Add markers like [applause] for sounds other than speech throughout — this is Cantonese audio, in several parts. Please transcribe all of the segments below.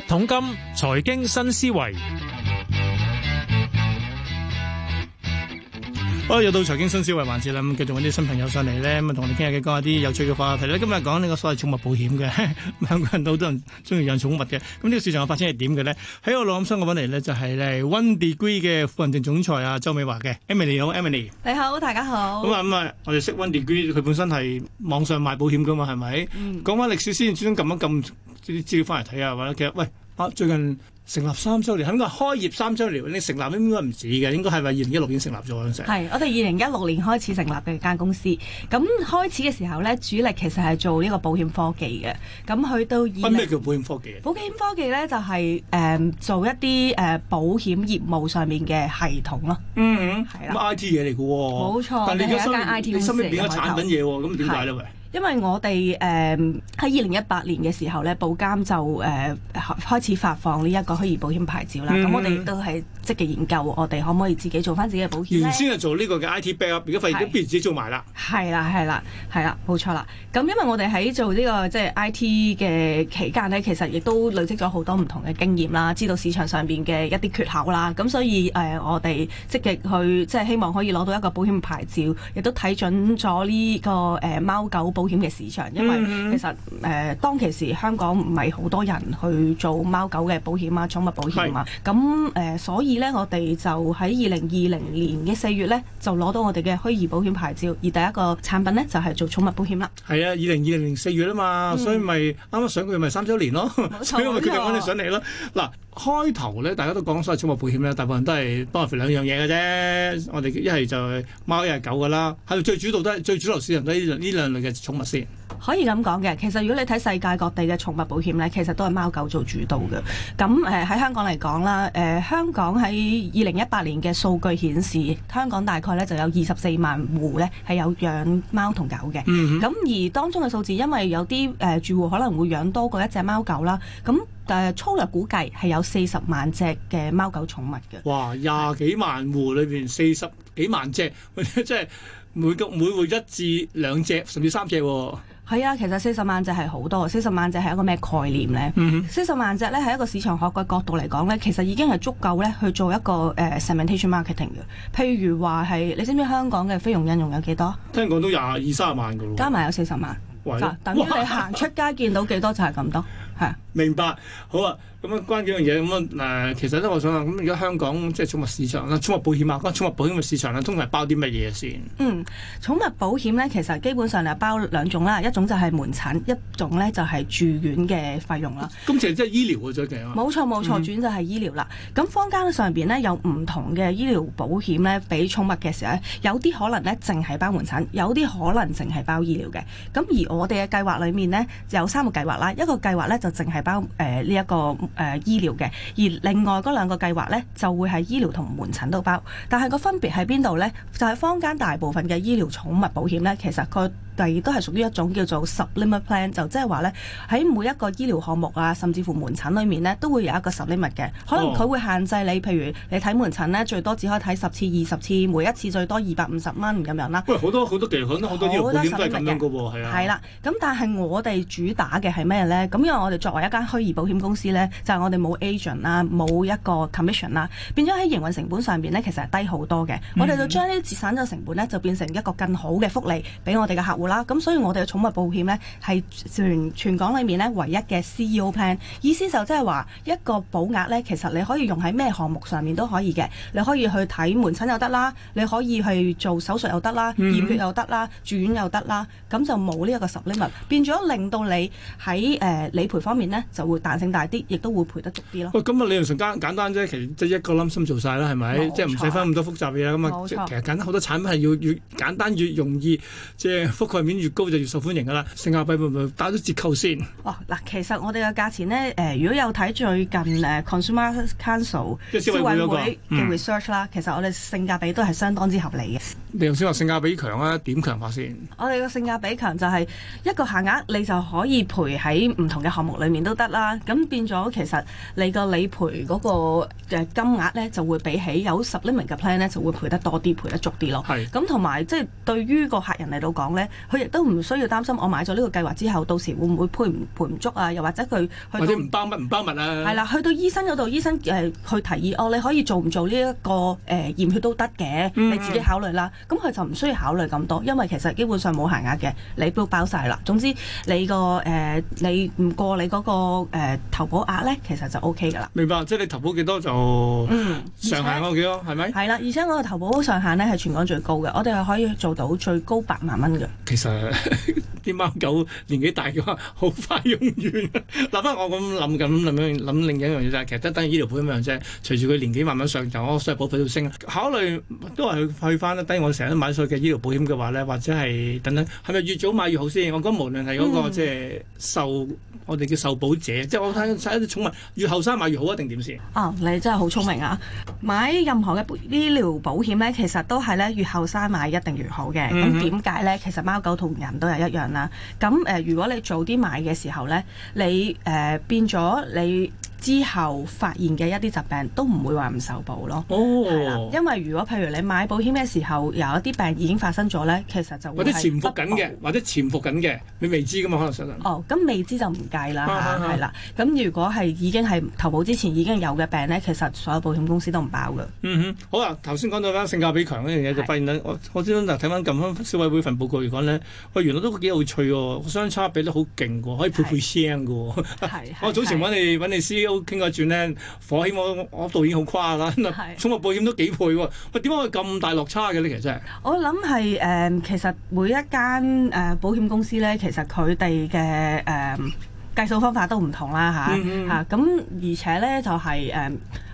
一桶金，財經新思維。好，又到財經新思維環節啦，咁繼續揾啲新朋友上嚟咧，咁啊同我哋傾下偈講下啲有趣嘅話題啦。今日講呢個所謂的寵物保險嘅，香 [laughs] 港人都好多人中意養寵物嘅。咁呢個市場嘅發展係點嘅咧？喺我腦諗箱我揾嚟咧就係嚟 One Degree 嘅副行政總裁啊周美華嘅 Emily，好 Emily。你好，大家好。咁啊咁啊，我哋識 One Degree，佢本身係網上賣保險噶嘛，係咪？講翻歷史先按按，專登撳一撳啲資料翻嚟睇下，或者其實喂最近。成立三周年，應該開業三周年。你成立應該唔止嘅，應該係咪二零一六年成立咗？成係我哋二零一六年開始成立嘅間公司。咁開始嘅時候咧，主力其實係做呢個保險科技嘅。咁佢都分咩叫保險科技？保險科技咧就係、是、誒、嗯、做一啲誒保險業務上面嘅系統咯。嗯嗯，係啦。乜 IT 嘢嚟嘅喎？冇錯。但係、就是、一間 IT 公司的。你心入面有產品嘢喎？咁點解咧？喂？因為我哋誒喺二零一八年嘅時候咧，保監就誒、呃、開始發放呢一個虛擬保險牌照啦。咁、嗯、我哋都係積極研究，我哋可唔可以自己做翻自己嘅保險咧？原先係做呢個嘅 IT backup，而家反而都變自己做埋啦。係啦，係啦，係啦，冇錯啦。咁因為我哋喺做、這個就是、呢個即係 IT 嘅期間咧，其實亦都累積咗好多唔同嘅經驗啦，知道市場上面嘅一啲缺口啦。咁所以誒、呃，我哋積極去即係、就是、希望可以攞到一個保險牌照，亦都睇準咗呢、這個誒、呃、貓狗保保險嘅市場，因為其實誒、嗯呃、當其時香港唔係好多人去做貓狗嘅保險啊，寵物保險啊，咁誒、嗯呃、所以咧我哋就喺二零二零年嘅四月咧就攞到我哋嘅虛擬保險牌照，而第一個產品咧就係、是、做寵物保險啦。係啊，二零二零年四月啊嘛、嗯，所以咪啱啱上個月咪三周年咯， [laughs] 所以咪決定揾你上嚟咯。嗱、啊，開頭咧大家都講所謂寵物保險咧，大部分人都係包括兩樣嘢嘅啫。我哋一係就貓，一係狗噶啦，係最主導都係最主流市場都係呢呢兩類嘅。寵物先可以咁講嘅，其實如果你睇世界各地嘅寵物保險呢，其實都係貓狗做主導嘅。咁誒喺香港嚟講啦，誒、呃、香港喺二零一八年嘅數據顯示，香港大概呢就有二十四萬戶呢係有養貓同狗嘅。咁、嗯、而當中嘅數字，因為有啲誒住戶可能會養多過一隻貓狗啦，咁誒、呃、粗略估計係有四十萬隻嘅貓狗寵物嘅。哇！廿幾萬戶裏邊四十幾萬隻，即係～每個每回一至兩隻，甚至三隻喎、啊。係啊，其實四十萬隻係好多。四十萬隻係一個咩概念咧、嗯？四十萬隻咧喺一個市場學嘅角度嚟講咧，其實已經係足夠咧去做一個誒、呃、segmentation marketing 嘅。譬如話係，你知唔知香港嘅菲傭印傭有幾多？聽講都廿二三十萬嘅咯，加埋有四十萬，嗱，等於你行出街見到幾多就係咁多，係。 [laughs] 明白，好啊，咁啊，關幾樣嘢咁啊，誒，其實咧，我想啊，咁而家香港即係寵物市場啊，寵物保險啊，嗰寵物保險嘅市場咧，通常係包啲乜嘢先？嗯，寵物保險咧，其實基本上係包兩種啦，一種就係門診，一種咧就係住院嘅費用啦。咁其實即係醫療嘅、啊、啫，係嘛？冇錯冇錯，轉、嗯、就係、是、醫療啦。咁坊間上邊咧有唔同嘅醫療保險咧，俾寵物嘅時候咧，有啲可能咧，淨係包門診，有啲可能淨係包醫療嘅。咁而我哋嘅計劃裏面咧，有三個計劃啦，一個計劃咧就淨係，包誒呢一個誒、呃、醫療嘅，而另外嗰兩個計劃咧就會喺醫療同門診都包，但係個分別喺邊度咧？就係、是、坊間大部分嘅醫療寵物保險咧，其實佢。亦都係屬於一種叫做 sublimit plan，就即係話咧喺每一個醫療項目啊，甚至乎門診裏面咧，都會有一個 sublimit 嘅，可能佢會限制你，哦、譬如你睇門診咧，最多只可以睇十次、二十次，每一次最多二百五十蚊咁樣啦。喂，好多好多嘅險，好多啲保險都係咁樣嘅喎，係啊。係啦，咁但係我哋主打嘅係咩咧？咁因為我哋作為一間虛擬保險公司咧，就係、我哋冇 agent 啦，冇一個 commission 啦，變咗喺營運成本上邊咧，其實係低好多嘅、嗯。我哋就將呢啲節省咗成本咧，就變成一個更好嘅福利俾我哋嘅客戶。啦，咁所以我哋嘅寵物保險咧，係全全港裏面咧，唯一嘅 CEO plan，意思就即係話一個保額咧，其實你可以用喺咩項目上面都可以嘅，你可以去睇門診又得啦，你可以去做手術又得啦，驗血又得啦，住院又得啦，咁、嗯、就冇呢一個十釐物，變咗令到你喺誒理賠方面咧就會彈性大啲，亦都會賠得足啲咯。咁、哦、啊，理論上簡簡單啫，其實即係一個諗心做晒啦，係咪？即係唔使翻咁多複雜嘢咁啊。其實簡單好多產品係要越簡單越容易，即係覆。面越高就越受歡迎噶啦，性價比會唔會打咗折扣先？哇！嗱，其實我哋嘅價錢咧，如果有睇最近 Consumer Council 即係消委會嗰個嘅 research 啦、嗯，其實我哋性價比都係相當之合理嘅。你頭先話性價比強啊？點強法先？我哋個性價比強就係一個限額，你就可以賠喺唔同嘅項目裏面都得啦。咁變咗其實你個理賠嗰個金額咧就會比起有十零萬嘅 plan 咧就會賠得多啲，賠得足啲咯。係。咁同埋即係對於個客人嚟到講咧。佢亦都唔需要擔心，我買咗呢個計劃之後，到時會唔會賠唔賠唔足啊？又或者佢去或者唔包乜唔包物啊？係啦，去到醫生嗰度，醫生、呃、去提議哦，你可以做唔做呢、這、一個誒驗、呃、血都得嘅、嗯，你自己考慮啦。咁佢就唔需要考慮咁多，因為其實基本上冇限額嘅，你都包晒啦。總之你個誒、呃、你唔過你嗰、那個、呃、投保額咧，其實就 O K 㗎啦。明白，即係你投保幾多就上限我幾多，係、嗯、咪？係啦，而且我個投保上限咧係全港最高嘅，我哋係可以做到最高八萬蚊嘅。其實啲 [laughs] 貓狗年紀大嘅話，好快用完。嗱， [laughs] 翻我咁諗緊諗樣諗另一樣嘢就係，其實真係等於醫療保險咁嘅啫。隨住佢年紀慢慢上就我個保費都升。考慮都係去翻低我成日都買咗嘅醫療保險嘅話咧，或者係等等係咪越早買越好先？我覺得無論係嗰、嗰個、嗯、即係受我哋叫受保者，即係我睇睇啲寵物，越後生買越好啊？定點先？啊，你真係好聰明啊！買任何嘅醫療保險咧，其實都係咧越後生買一定越好嘅。咁點解咧？其實貓。狗同人都係一樣啦，咁誒、呃，如果你早啲買嘅時候咧，你誒、呃、變咗你。之後發現嘅一啲疾病都唔會話唔受保咯，係、oh，啦，因為如果譬如你買保險嘅時候有一啲病已經發生咗咧，其實就或者潛伏緊嘅，或者潛伏緊嘅，你未知噶嘛可能想。哦，咁未知就唔計啦，係啦。咁如果係已經係投保之前已經有嘅病咧，其實所有保險公司都唔包㗎。嗯哼，好啊，頭先講到啦，性價比強嗰樣嘢就發現咧，我我先睇翻咁翻消委會份報告嚟講咧，我原來都幾有趣喎，相差比得好勁㗎，可以配配聲㗎喎。我、 [laughs] 哦、早前揾你揾你都傾過轉咧，火險我我導演好誇啦，寵物保險都幾倍喎，喂點解會咁大落差嘅咧？其實我諗係誒，其實每一間誒保險公司咧，其實佢哋嘅誒計數方法都唔同啦，嚇嚇，咁、 [laughs] 啊嗯嗯啊、而且咧就係、是、誒。呃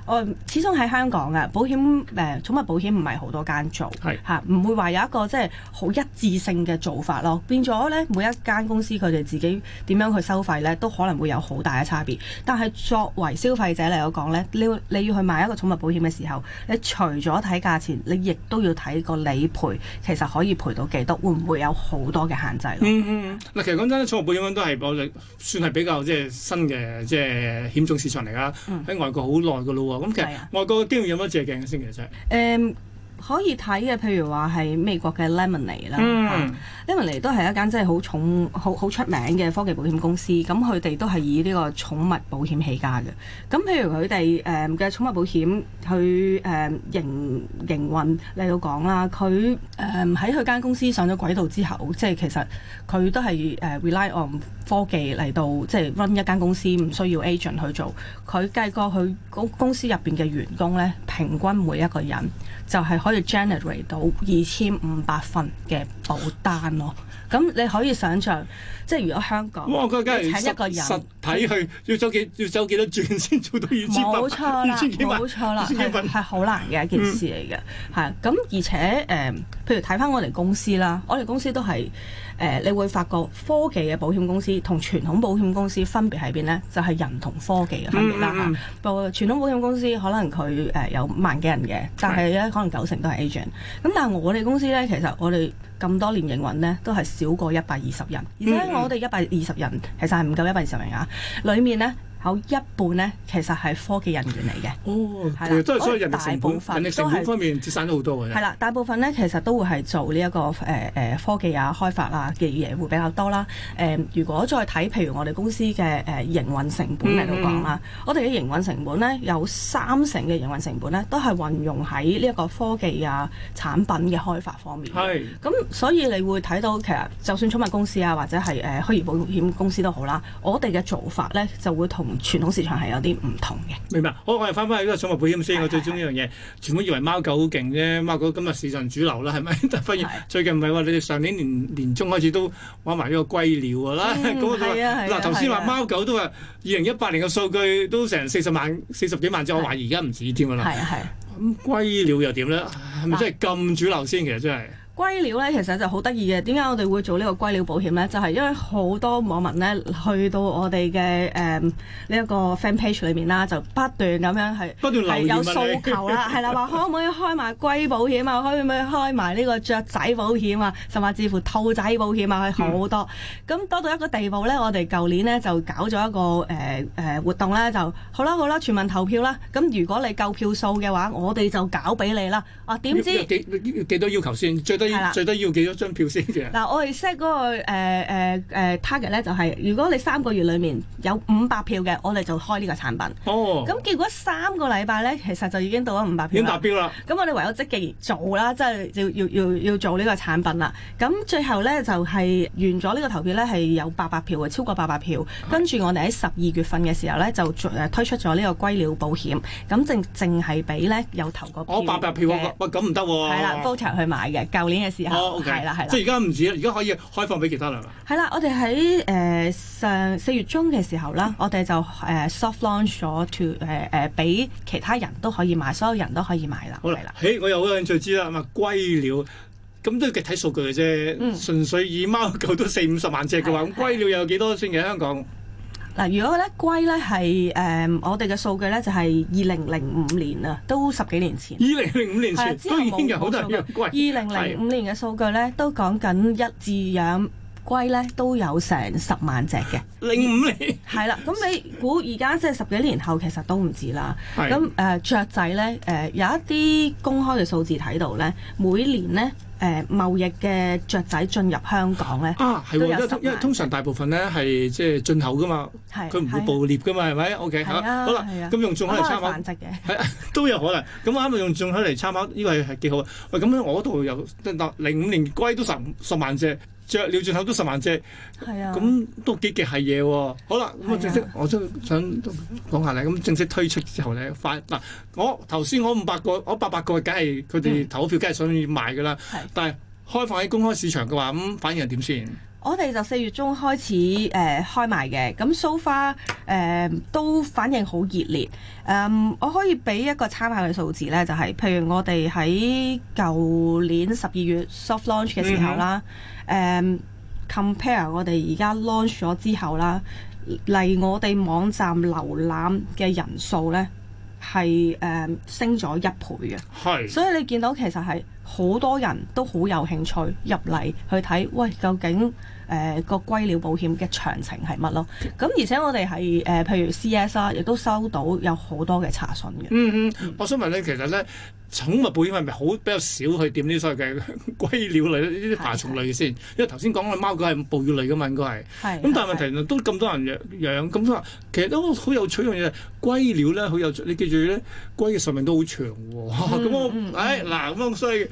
我始終喺香港啊，保險誒寵物保險唔係好多間做，嚇唔、啊、會話有一個即係好一致性嘅做法咯。變咗咧，每一間公司佢哋自己點樣去收費咧，都可能會有好大嘅差別。但係作為消費者嚟講咧，你你要去買一個寵物保險嘅時候，你除咗睇價錢，你亦都要睇個理賠，其實可以賠到幾多，會唔會有好多嘅限制咯。嗯嗯，嗱、啊、其實講真咧，寵物保險都係我算係比較即係新嘅即係險種市場嚟噶，喺、嗯、外國好耐噶嘞喎。咁、哦、其實外國嘅經驗有乜借鏡先？其實誒。可以睇嘅，譬如話係美國嘅 Lemonade 啦。Lemonade 都係一間真係好重好好出名嘅科技保險公司。咁佢哋都係以呢個寵物保險起家嘅。咁譬如佢哋誒嘅寵物保險，佢誒營營運嚟到講啦，佢誒喺佢間公司上咗軌道之後，即係其實佢都係 rely on 科技嚟到即係、就是、run 一間公司，唔需要 agent 去做。佢計過佢公司入面嘅員工咧，平均每一個人，就係、是、可以 generate 到二千五百份嘅保單咯，咁你可以想象，即係如果香港，我梗係請一個人實體去，要走幾要走幾多轉先做到二千，冇錯啦，冇錯啦，二千幾份係好難嘅一件事嚟嘅，係、嗯，咁而且誒、呃，譬如睇翻我哋公司啦，我哋公司都係。誒、呃，你會發覺科技嘅保險公司同傳統保險公司分別喺邊呢？就係、是、人同科技嘅分別啦嚇。不過傳統保險公司可能佢誒、呃、有萬幾人嘅，但係咧、right. 可能九成都係 agent。咁但係我哋公司呢，其實我哋咁多年營運呢都係少過一百二十人，而且我哋一百二十人、mm-hmm. 其實係唔夠一百二十名啊。裡面呢。有一半咧，其實係科技人員嚟嘅。哦，係啦，我大部分都係。成本方面節省咗好多嘅。啦、即係即係，大部分咧其實都會係做呢、這、一個誒誒、呃、科技啊開發啊嘅嘢會比較多啦。誒、呃，如果再睇譬如我哋公司嘅誒營運成本嚟到講啦，嗯、我哋嘅營運成本咧有三成嘅營運成本咧都係運用喺呢一個科技啊產品嘅開發方面。係。咁所以你會睇到其實就算寵物公司啊或者係誒虛擬保險公司都好啦，我哋嘅做法咧就會同。傳統市場係有啲唔同嘅，明白。好，我哋翻翻去呢個寵物保險先，我最中意一樣嘢，係係係全部以為貓狗好勁啫，貓狗今日市場主流啦，係咪？但發現最近唔係話你哋上年年年中開始都玩埋呢個龜鳥㗎啦。嗱、嗯，頭先話貓狗都話二零一八年嘅數據都成四十萬、四十幾萬隻，係係，我懷疑而家唔止添啦。係啊，係。咁龜鳥又點咧？係咪真係咁主流先？其實真係。龜鳥咧其實就好得意嘅，點解我哋會做呢個龜鳥保險咧？就係、是、因為好多網民咧去到我哋嘅誒呢一個 fan page 裏面啦，就不斷咁樣係不斷留言有訴求啦，係 [laughs] 啦，話可唔可以開埋龜保險啊？可唔可以開埋呢個雀仔保險啊？甚至乎兔仔保險啊，係好多。咁、嗯、多到一個地步咧，我哋舊年咧就搞咗一個誒、呃呃、活動咧，就好啦好啦，全民投票啦。咁如果你夠票數嘅話，我哋就搞俾你啦。啊，點知幾多要求先？最多。係啦，最多要幾多張票先？嗱、啊，我哋 set 嗰個、呃呃、target 咧，就係、是、如果你三個月裏面有五百票嘅，我哋就開呢個產品。哦。咁結果三個禮拜咧，其實就已經到咗五百票了，已經達標啦。咁我哋唯有積極做啦，即、就、係、是、要要要要做呢個產品啦。咁最後咧就係、是、完咗呢個投票咧，係有八百票嘅，超過八百票。跟、oh. 住我哋喺十二月份嘅時候咧，就推出咗呢個龜鳥保險。咁正淨係俾咧有投個。八、oh, 百票喂，咁唔得喎。係啦，高、啊、e、啊、去買嘅，嘅時候，係啦係啦，即係而家唔止，而家可以開放俾其他啦，係啦，我哋喺誒上四月中嘅時候啦、嗯，我哋就誒、呃、soft launch 咗 to 誒、呃、誒，俾其他人都可以買，所有人都可以買啦。好啦好啦，嘿，我又好有興趣知啦，咁啊龜鳥咁都要睇數據嘅啫、嗯，純粹以貓狗都四五十萬隻嘅話，咁龜鳥有幾多先嘅香港？嗱，如果咧龜咧係、嗯、我哋嘅數據咧就係二零零五年啊，都十幾年前。二零零五年前都已經有好多人。二零零五年嘅數據咧， [laughs] 都講緊一至兩龜咧都有成十萬隻嘅。零五年。係 [laughs] 啦，咁你估而家即係十幾年後，其實都唔止啦。咁誒、呃、雀仔咧、呃，有一啲公開嘅數字睇到咧，每年咧。誒、嗯、貿易嘅雀仔進入香港咧啊係，因、啊、因為通常大部分咧係即係進口噶嘛，佢唔會捕裂噶嘛係咪、啊、？OK 嚇、啊，好啦，咁、啊啊啊啊啊啊啊、用進口嚟參考，有啊、 [laughs] 都有可能。咁啱咪用進口嚟參考，呢、這個係係幾好啊！喂，咁我度又零五年龜都十十萬隻。著料，轉頭都十萬隻，係啊，咁都幾極係嘢喎。好啦，咁啊我正式，我想想講下你。咁正式推出之後咧，反嗱我頭先我五百個，我八百個，梗係佢哋投票，梗係想買㗎啦。但係開放喺公開市場嘅話，咁反應係點先？我哋就四月中開始誒、呃、開賣嘅，咁 so far 誒都反應好熱烈，呃。我可以俾一個參考嘅數字呢，就係、是，譬如我哋喺舊年十二月 soft launch 嘅時候啦、mm-hmm. 呃、，compare 我哋而家 launch 咗之後啦，嚟我哋網站瀏覽嘅人數呢，係、呃、升咗一倍嘅。Mm-hmm. 所以你見到其實係好多人都好有興趣入嚟去睇，喂究竟？誒、呃、個龜鳥保險嘅詳情係乜咯？咁而且我哋係、呃、譬如 CSR 亦、啊、都收到有好多嘅查詢嘅。嗯嗯，我想問咧，其實咧寵物保險係咪好比較少去掂啲所謂嘅龜鳥類呢啲爬蟲類先，係係係因為頭先講嘅貓狗係哺乳類嘅嘛，應該係。係。咁但係問題都咁多人養咁多人，其實都好有趣一樣嘢，龜鳥咧好有趣。你記住咧，龜嘅壽命都好長喎、哦。咁我嗱，咁、嗯哎、所以。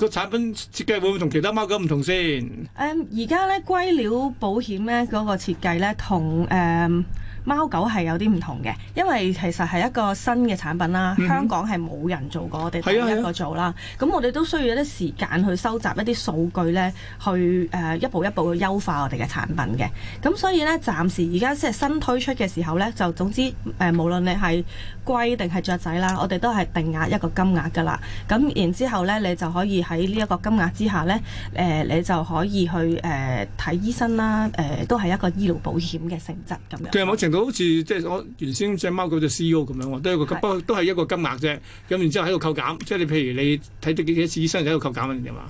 個產品設計會唔會同其他貓狗唔同先？誒，而家咧龜鳥保險咧嗰、那個設計咧，同貓狗係有啲唔同嘅，因為其實係一個新嘅產品啦。Mm-hmm. 香港係冇人做過，我哋第一個做啦。咁、啊啊、我哋都需要一啲時間去收集一啲數據呢，去誒、呃、一步一步去優化我哋嘅產品嘅。咁所以呢，暫時而家即係新推出嘅時候呢，就總之誒、呃，無論你係龜定係雀仔啦，我哋都係定額一個金額噶啦。咁然之後呢，你就可以喺呢一個金額之下呢，誒、呃，你就可以去誒睇、呃、醫生啦。誒、呃，都係一個醫療保險嘅性質咁樣。好似即係我原先隻貓嗰隻 C.O. 咁樣，都係個金，不過都係一個金額啫。咁然之後喺度扣減，即係你譬如你睇得幾次醫生喺度扣減。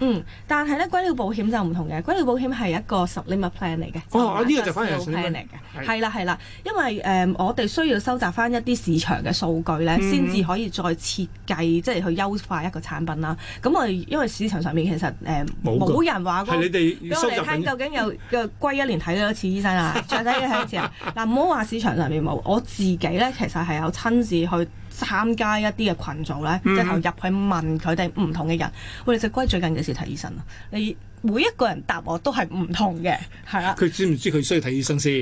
嗯，但係咧，龜鳥保險就唔同嘅。龜鳥保險係一個 sublimit plan 嚟嘅。哦，呢、啊啊呢個就反而係 plan 嚟嘅。係啦，係啦，因為、呃、我哋需要收集翻一啲市場嘅數據咧，先、嗯、至可以再設計，即、就、係、是、去優化一個產品啦。咁我哋因為市場上面其實誒冇、呃、人話，過你哋收集緊。究竟有個龜一年睇幾多次醫生啊？再 [laughs] 睇幾多次啊？嗱、呃，唔好話市場上面冇，我自己咧其實係有親自去參加一啲嘅群組咧，即投入去問佢哋唔同嘅人，喂你隻龜最近幾時睇醫生啊？你每一個人答我都係唔同嘅，係啦、啊。佢知唔知佢需要睇醫生先？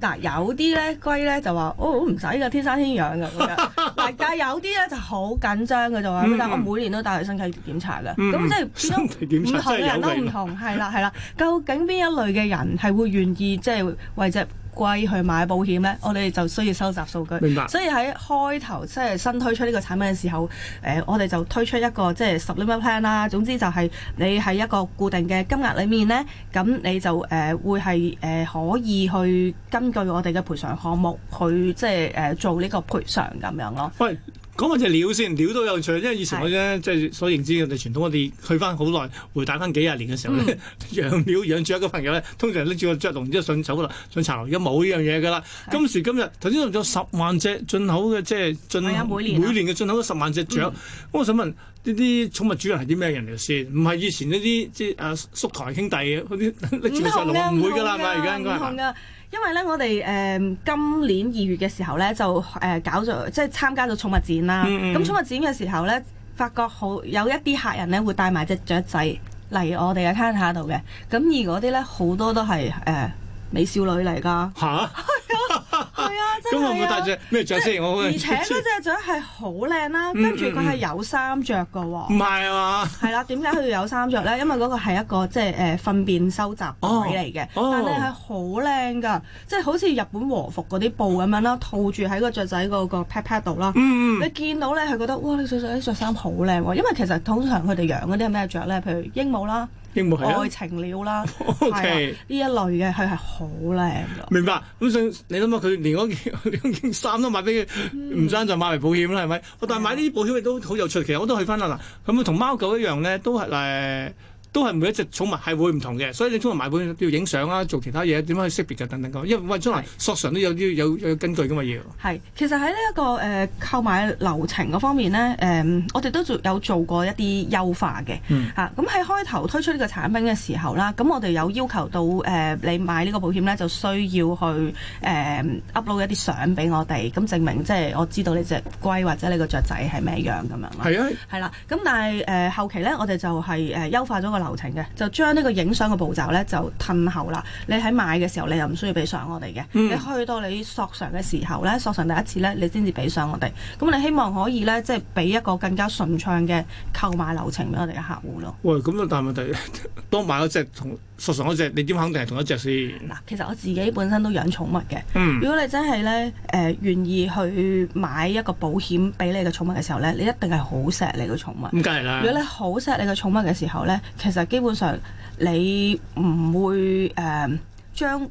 嗱、啊，有啲咧龜咧就話：，我唔使噶，天生天養噶。嗱、 [laughs] 啊，但係有啲咧就好緊張嘅，就話、嗯：，但我每年都帶佢身體檢查嘅。咁即係唔同嘅人都唔同，係啦，係啦、啊啊啊。究竟邊一類嘅人係會願意即係、就係、為只貴去買保險呢，我哋就需要收集數據。明白。所以喺開頭即係新推出呢個產品嘅時候，誒、呃、我哋就推出一個即係十 level plan 啦。總之就係你喺一個固定嘅金額裡面呢，咁你就誒、呃、會係誒、呃、可以去根據我哋嘅賠償項目去即係誒、呃、做呢個賠償咁樣咯。喂。講下隻鳥先，鳥都有趣，因為以前我咧即係所認知嘅我哋傳統，我哋去翻好耐，回帶翻幾廿年嘅時候咧、嗯，養鳥養住一個朋友咧，通常拎住個雀籠，然之後上手啦，上茶樓，而家冇呢樣嘢噶啦。今時今日，頭先用咗十萬隻進口嘅，即係進口、嗯、每年、啊、每年嘅進口十萬隻雀。咁、嗯、我想問呢啲寵物主人係啲咩人嚟先？唔係以前嗰啲即係阿叔台兄弟嘅，嗰啲拎住隻籠唔會噶啦，而家應該。因為咧，我哋誒、嗯、今年二月嘅時候咧，就誒、呃、搞咗即係參加咗寵物展啦。咁、嗯嗯、寵物展嘅時候咧，發覺好有一啲客人咧會帶埋隻雀仔嚟我哋嘅攤下度嘅。咁而嗰啲咧好多都係誒、呃、美少女嚟㗎。啊 [laughs] 係 [laughs] 啊，真係啊，而且嗰隻雀係好靚啦，跟住佢係有衫着噶喎。唔係啊嘛？係啦，點解佢要有衫着咧？因為嗰個係一個即係誒糞便收集位嚟嘅，但係係、就是、好靚噶，即係好似日本和服嗰啲布咁樣啦，套住喺個雀仔個 pat pat 度啦。嗯嗯，你見到咧係覺得哇，你雀仔着衫好靚喎，因為其實通常佢哋養嗰啲咩雀咧，譬如鸚鵡啦。愛情鳥啦，OK 呢、啊、一類嘅佢係好靚嘅，明白咁，所以你諗下佢連嗰件連件衫都買俾佢，唔爭就買嚟保險啦，係咪，嗯？但買呢啲保險亦都好有趣，其實我都去翻啦嗱。咁啊，同貓狗一樣咧，都係都係每一隻寵物係會唔同嘅，所以你通常買保險都要影相啊，做其他嘢點樣去識別就等等。因為運出嚟索償都有啲有有根據嘅嘛，要係其實喺呢一個誒、呃、購買的流程嗰方面咧，誒、呃、我哋都有做過一啲優化嘅，嚇咁喺開頭推出呢個產品嘅時候啦，咁我哋有要求到誒、呃、你買呢個保險咧，就需要去誒、呃、upload 一啲相俾我哋，咁證明即係我知道你隻龜或者你個雀仔係咩樣咁、啊、樣啦。係啊，係、呃、啦，咁但係誒後期咧，我哋就係、是、誒、呃、優化咗、那個流程嘅就將呢個影相嘅步驟咧就褪後啦。你喺買嘅時候，你又唔需要俾相我哋嘅、嗯。你去到你索償嘅時候咧，索償第一次咧，你先至俾相我哋。咁你希望可以咧，即係俾一個更加順暢嘅購買流程俾我哋嘅客戶咯。喂，咁啊，但係問題，當買了一隻同索償一隻，你點肯定係同一隻先？嗱，其實我自己本身都養寵物嘅、嗯。如果你真係咧誒願意去買一個保險俾你嘅寵物嘅時候咧，你一定係好錫你嘅寵物。咁梗係啦。如果你好錫你嘅寵物嘅時候咧。其實基本上你唔會誒將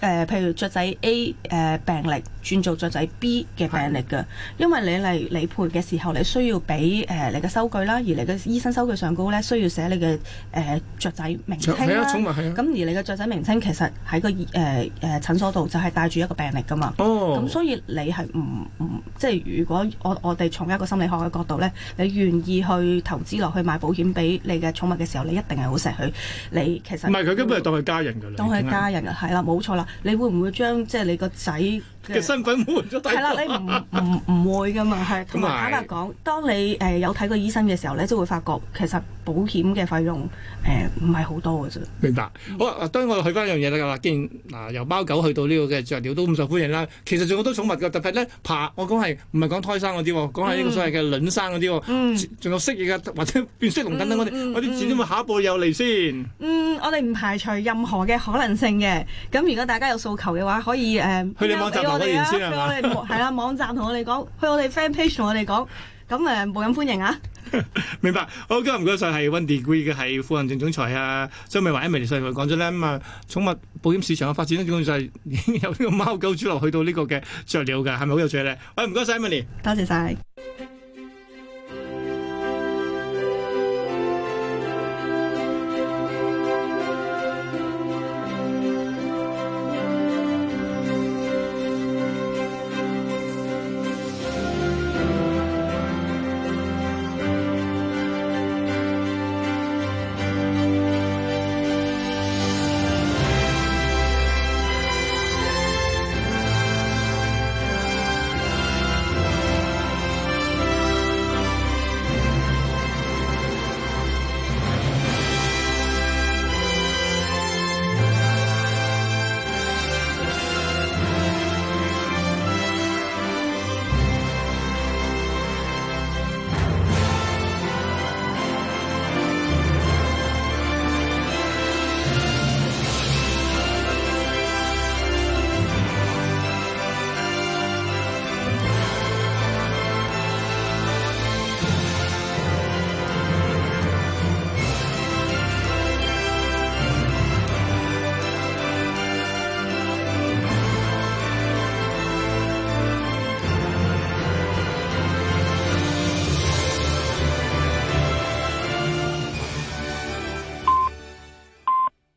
誒譬如雀仔 A 誒、呃、病歷，轉做雀仔 B 嘅病歷㗎，因為你嚟理賠嘅時候，你需要俾誒、呃、你嘅收據啦，而你嘅醫生收據上高咧，需要寫你嘅誒、呃、雀仔名稱係啊，寵物係啊。咁而你嘅雀仔名稱其實喺、個誒誒、呃、診所度就係帶住一個病歷㗎嘛。哦。咁所以你係唔唔即係如果我我哋從一個心理學嘅角度咧，你願意去投資落去買保險俾你嘅寵物嘅時候，你一定係好錫佢。你其實唔係佢根本就當佢家人㗎啦。當佢家人係啦，冇錯啦。你會唔會將即係你個仔？嘅身份換咗低啦，係你唔唔唔會噶嘛，係。 [laughs] 同埋坦白講，當你誒、呃、有睇過醫生嘅時候咧，就會發覺其實保險嘅費用誒唔係好多嘅啫。明白。好啊，當然我又去翻一樣嘢啦。既然嗱、啊、由貓狗去到呢個嘅雀鳥都咁受歡迎啦，其實仲好多寵物嘅，特別咧爬。我講係唔係講胎生嗰啲，講係呢個所謂嘅卵生嗰啲。嗯。仲、哦嗯、有蜥蜴啊，或者變色龍等等嗰啲、嗯嗯嗯，我啲指點下一步又嚟先。嗯，我哋唔排除任何嘅可能性嘅。咁如果大家有訴求嘅話，可以誒、呃。去你網站。我哋啊，去我哋係啦，網站同我哋講，去我哋 fan page 同我哋講，咁誒無任歡迎啊！明白，好，今日唔該曬，係 Wendy Green 嘅，係副行政總裁啊，周美華喺《明潮》講咗咧，咁啊，寵物保險市場嘅發展咧，仲在由呢個貓狗主流去到呢個嘅雀鳥㗎，係咪好有趣咧？喂，唔該曬，Emily，多謝曬。